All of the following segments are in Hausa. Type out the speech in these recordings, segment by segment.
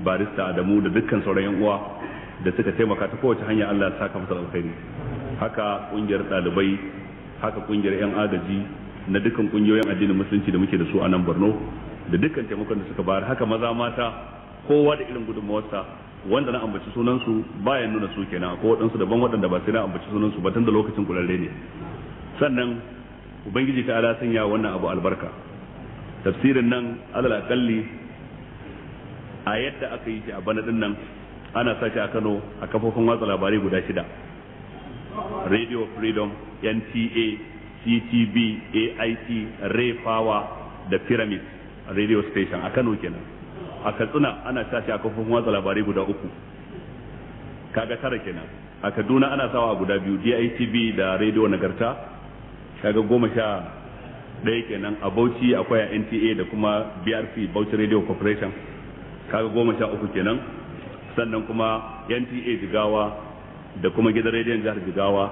barista da mu da dukkan sauran yan uwa da suka taimaka ta kowace hanya Allah ya saka musu alkhairi haka kungiyar dalibai haka kungiyar yan agaji na dukkan kungiyoyin addinin musulunci da muke da su a nan Borno da dukkan taimakon da suka bayar haka maza mata kowa da irin gudunmawarsa wanda na ambaci sunansu bayan nuna su kenan ko waɗansu daban wadanda ba sai na ambaci sunansu ba tun da lokacin kulalle ne sannan ubangiji ta ala sanya wannan abu albarka tafsirin nan alal akalli a yadda aka yi shi a bana din nan ana sashi a Kano a kafofin watsa labarai guda shida Radio Freedom NTA CTV AIT Ray Power da Pyramid radio station a Kano kenan a Katsina ana sashi a kafofin watsa labarai guda uku kaga tara kenan a Kaduna ana sawa a guda biyu DITV da Radio Nagarta kaga goma sha ɗaya kenan a Bauchi akwai a NTA da kuma BRP Bauchi Radio Corporation kaga goma sha uku kenan sannan kuma NTA Jigawa da kuma gidan rediyon jihar Jigawa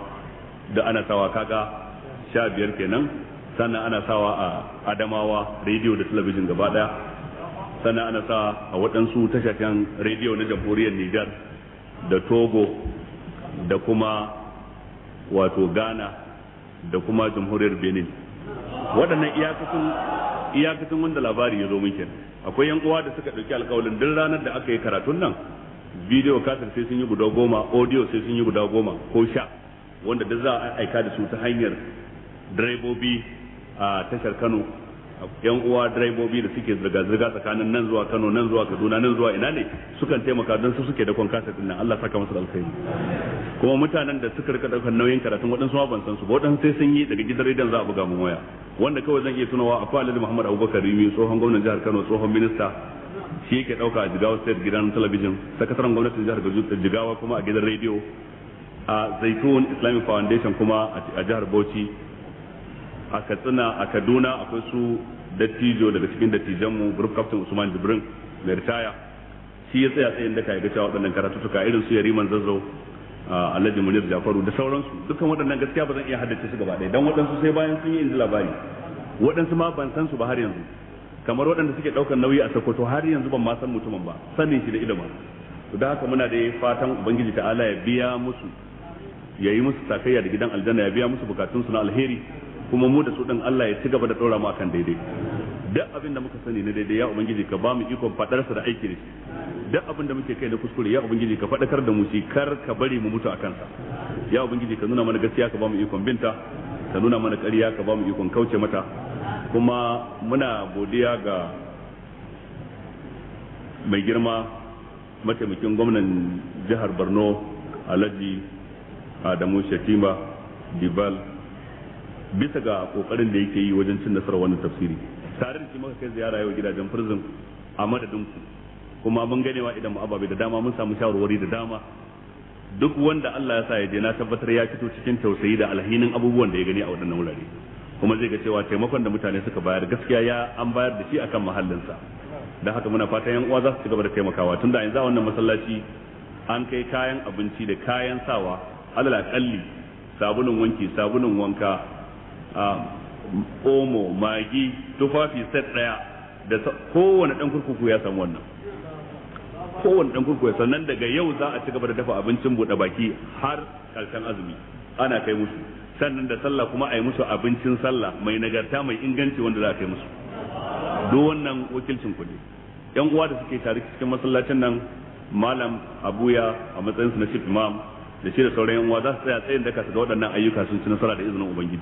da ana sawa kaga sha biyar kenan sannan ana sawa a Adamawa rediyo da talabijin gaba daya sannan ana sa a waɗansu tashashen rediyo na jamhuriyar Nijar da Togo da kuma wato Ghana da kuma jamhuriyar Benin waɗannan iyakacin iyakacin wanda labari ya zo muke akwai yan uwa da suka dauki alkawalin duk ranar da aka yi karatun nan bidiyo kasar sai sun yi guda goma audio sai sun yi guda goma ko sha wanda duk za a aika da su ta hanyar direbobi a tashar Kano yan uwa direbobi da suke zirga zirga tsakanin nan zuwa Kano nan zuwa Kaduna nan zuwa ina ne sukan taimaka don su suke da kwankasa din nan Allah saka musu alkhairi kuma mutanen da suka rika daukar nauyin karatun waɗansu ma ban san su ba waɗansu sai sun yi daga gidan rediyon za a buga mu waya wanda kawai zan iya tunawa a Alhaji Muhammad Abubakar Rimi tsohon gwamnan jihar Kano tsohon minista shi yake dauka a Jigawa State gidan talabijin sakataren gwamnatin jihar Jigawa kuma a gidan rediyo a Zaitun Islamic Foundation kuma a jihar Bauchi a katsina a kaduna akwai su dattijo daga cikin dattijanmu group captain usman jibrin mai ritaya shi ya tsaya tsayin daka ya ga cewa waɗannan karatuttuka irin su yariman zazzau alhaji munir jafaru da sauransu dukkan waɗannan gaskiya ba zan iya haddace su gaba ɗaya dan waɗansu sai bayan sun yi inji labari waɗansu ma ban san su ba har yanzu kamar waɗanda suke ɗaukar nauyi a sokoto har yanzu ban ma san mutumin ba sanin shi da ilimin da haka muna da fatan ubangiji ta'ala ya biya musu ya yi musu takayya da gidan aljanna ya biya musu bukatunsu na alheri kuma mu da su din Allah ya ci gaba da dora mu akan daidai duk abin da muka sani na daidai ya ubangiji ka ba mu ikon fadar sa da aiki da shi duk abin da muke kai na kuskure ya ubangiji ka fadakar da mu shi kar ka bari mu mutu akan sa ya ubangiji ka nuna mana gaskiya ka ba mu ikon binta ka nuna mana ƙarya ka ba mu ikon kauce mata kuma muna godiya ga mai girma mataimakin gwamnan jihar Borno Alhaji Adamu Shatima Dibal bisa ga kokarin da yake yi wajen cin nasarar wannan tafsiri tare da shi kai ziyara yau gidajen prison a madadin ku kuma mun ganewa idan mu ababe da dama mun samu shawarwari da dama duk wanda Allah ya sa ya je na tabbatar ya fito cikin tausayi da alhinin abubuwan da ya gani a wadannan wurare kuma zai ga cewa taimakon da mutane suka bayar gaskiya ya an bayar da shi akan mahallinsa da haka muna fatan yan uwa za su ci gaba da taimakawa tunda yanzu a wannan masallaci an kai kayan abinci da kayan sawa alal sabulun wanki sabulun wanka omo magi tufafi set daya da kowane dan kurkuku ya san wannan kowane dan kurkuku sannan daga yau za a ci gaba da dafa abincin bude baki har karshen azumi ana kai musu sannan da sallah kuma a yi musu abincin sallah mai nagarta mai inganci wanda za a kai musu duk wannan wakilcin kuɗi yan uwa da suke tare cikin masallacin nan malam abuya a matsayinsu na chief imam da shi da sauran yan uwa za su tsaya tsayin daka su ga waɗannan ayyuka sun ci nasara da izinin ubangiji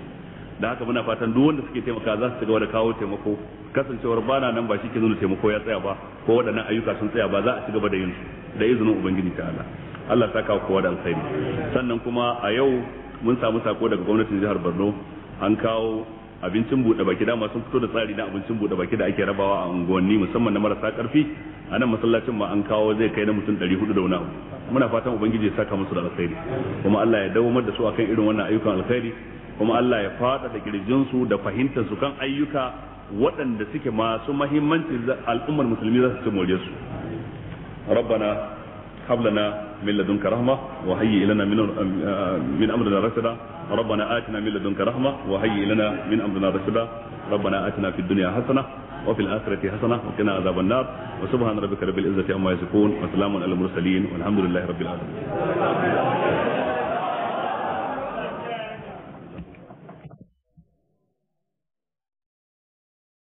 da haka muna fatan duk wanda suke taimaka za su ci gaba da kawo taimako kasancewar bana nan ba shi ke nuna taimako ya tsaya ba ko waɗannan ayyuka sun tsaya ba za a ci gaba da yin su da izinin ubangiji ta Allah Allah ta kawo kowa da alkhairi sannan kuma a yau mun samu sako daga gwamnatin jihar Borno an kawo abincin buɗe baki dama sun fito da tsari na abincin buɗe baki da ake rabawa a unguwanni musamman na marasa karfi a nan masallacin ma an kawo zai kai na mutum ɗari hudu da wani abu muna fatan ubangiji ya saka musu da alkhairi kuma Allah ya dawo da su akan irin wannan ayyukan alkhairi kuma Allah ya fada da su da fahimtar su kan ayyuka waɗanda suke masu mahimmanci al'ummar musulmi za su ci more su rabbana hablana lana min ladunka rahma wa hayyi lana min min amrina rashada rabbana atina min min amrina rashada rabbana atina fid dunya hasana wa fil akhirati hasana wa qina adhaban wa subhana rabbika rabbil izzati amma yasifun wa salamun alal mursalin walhamdulillahi rabbil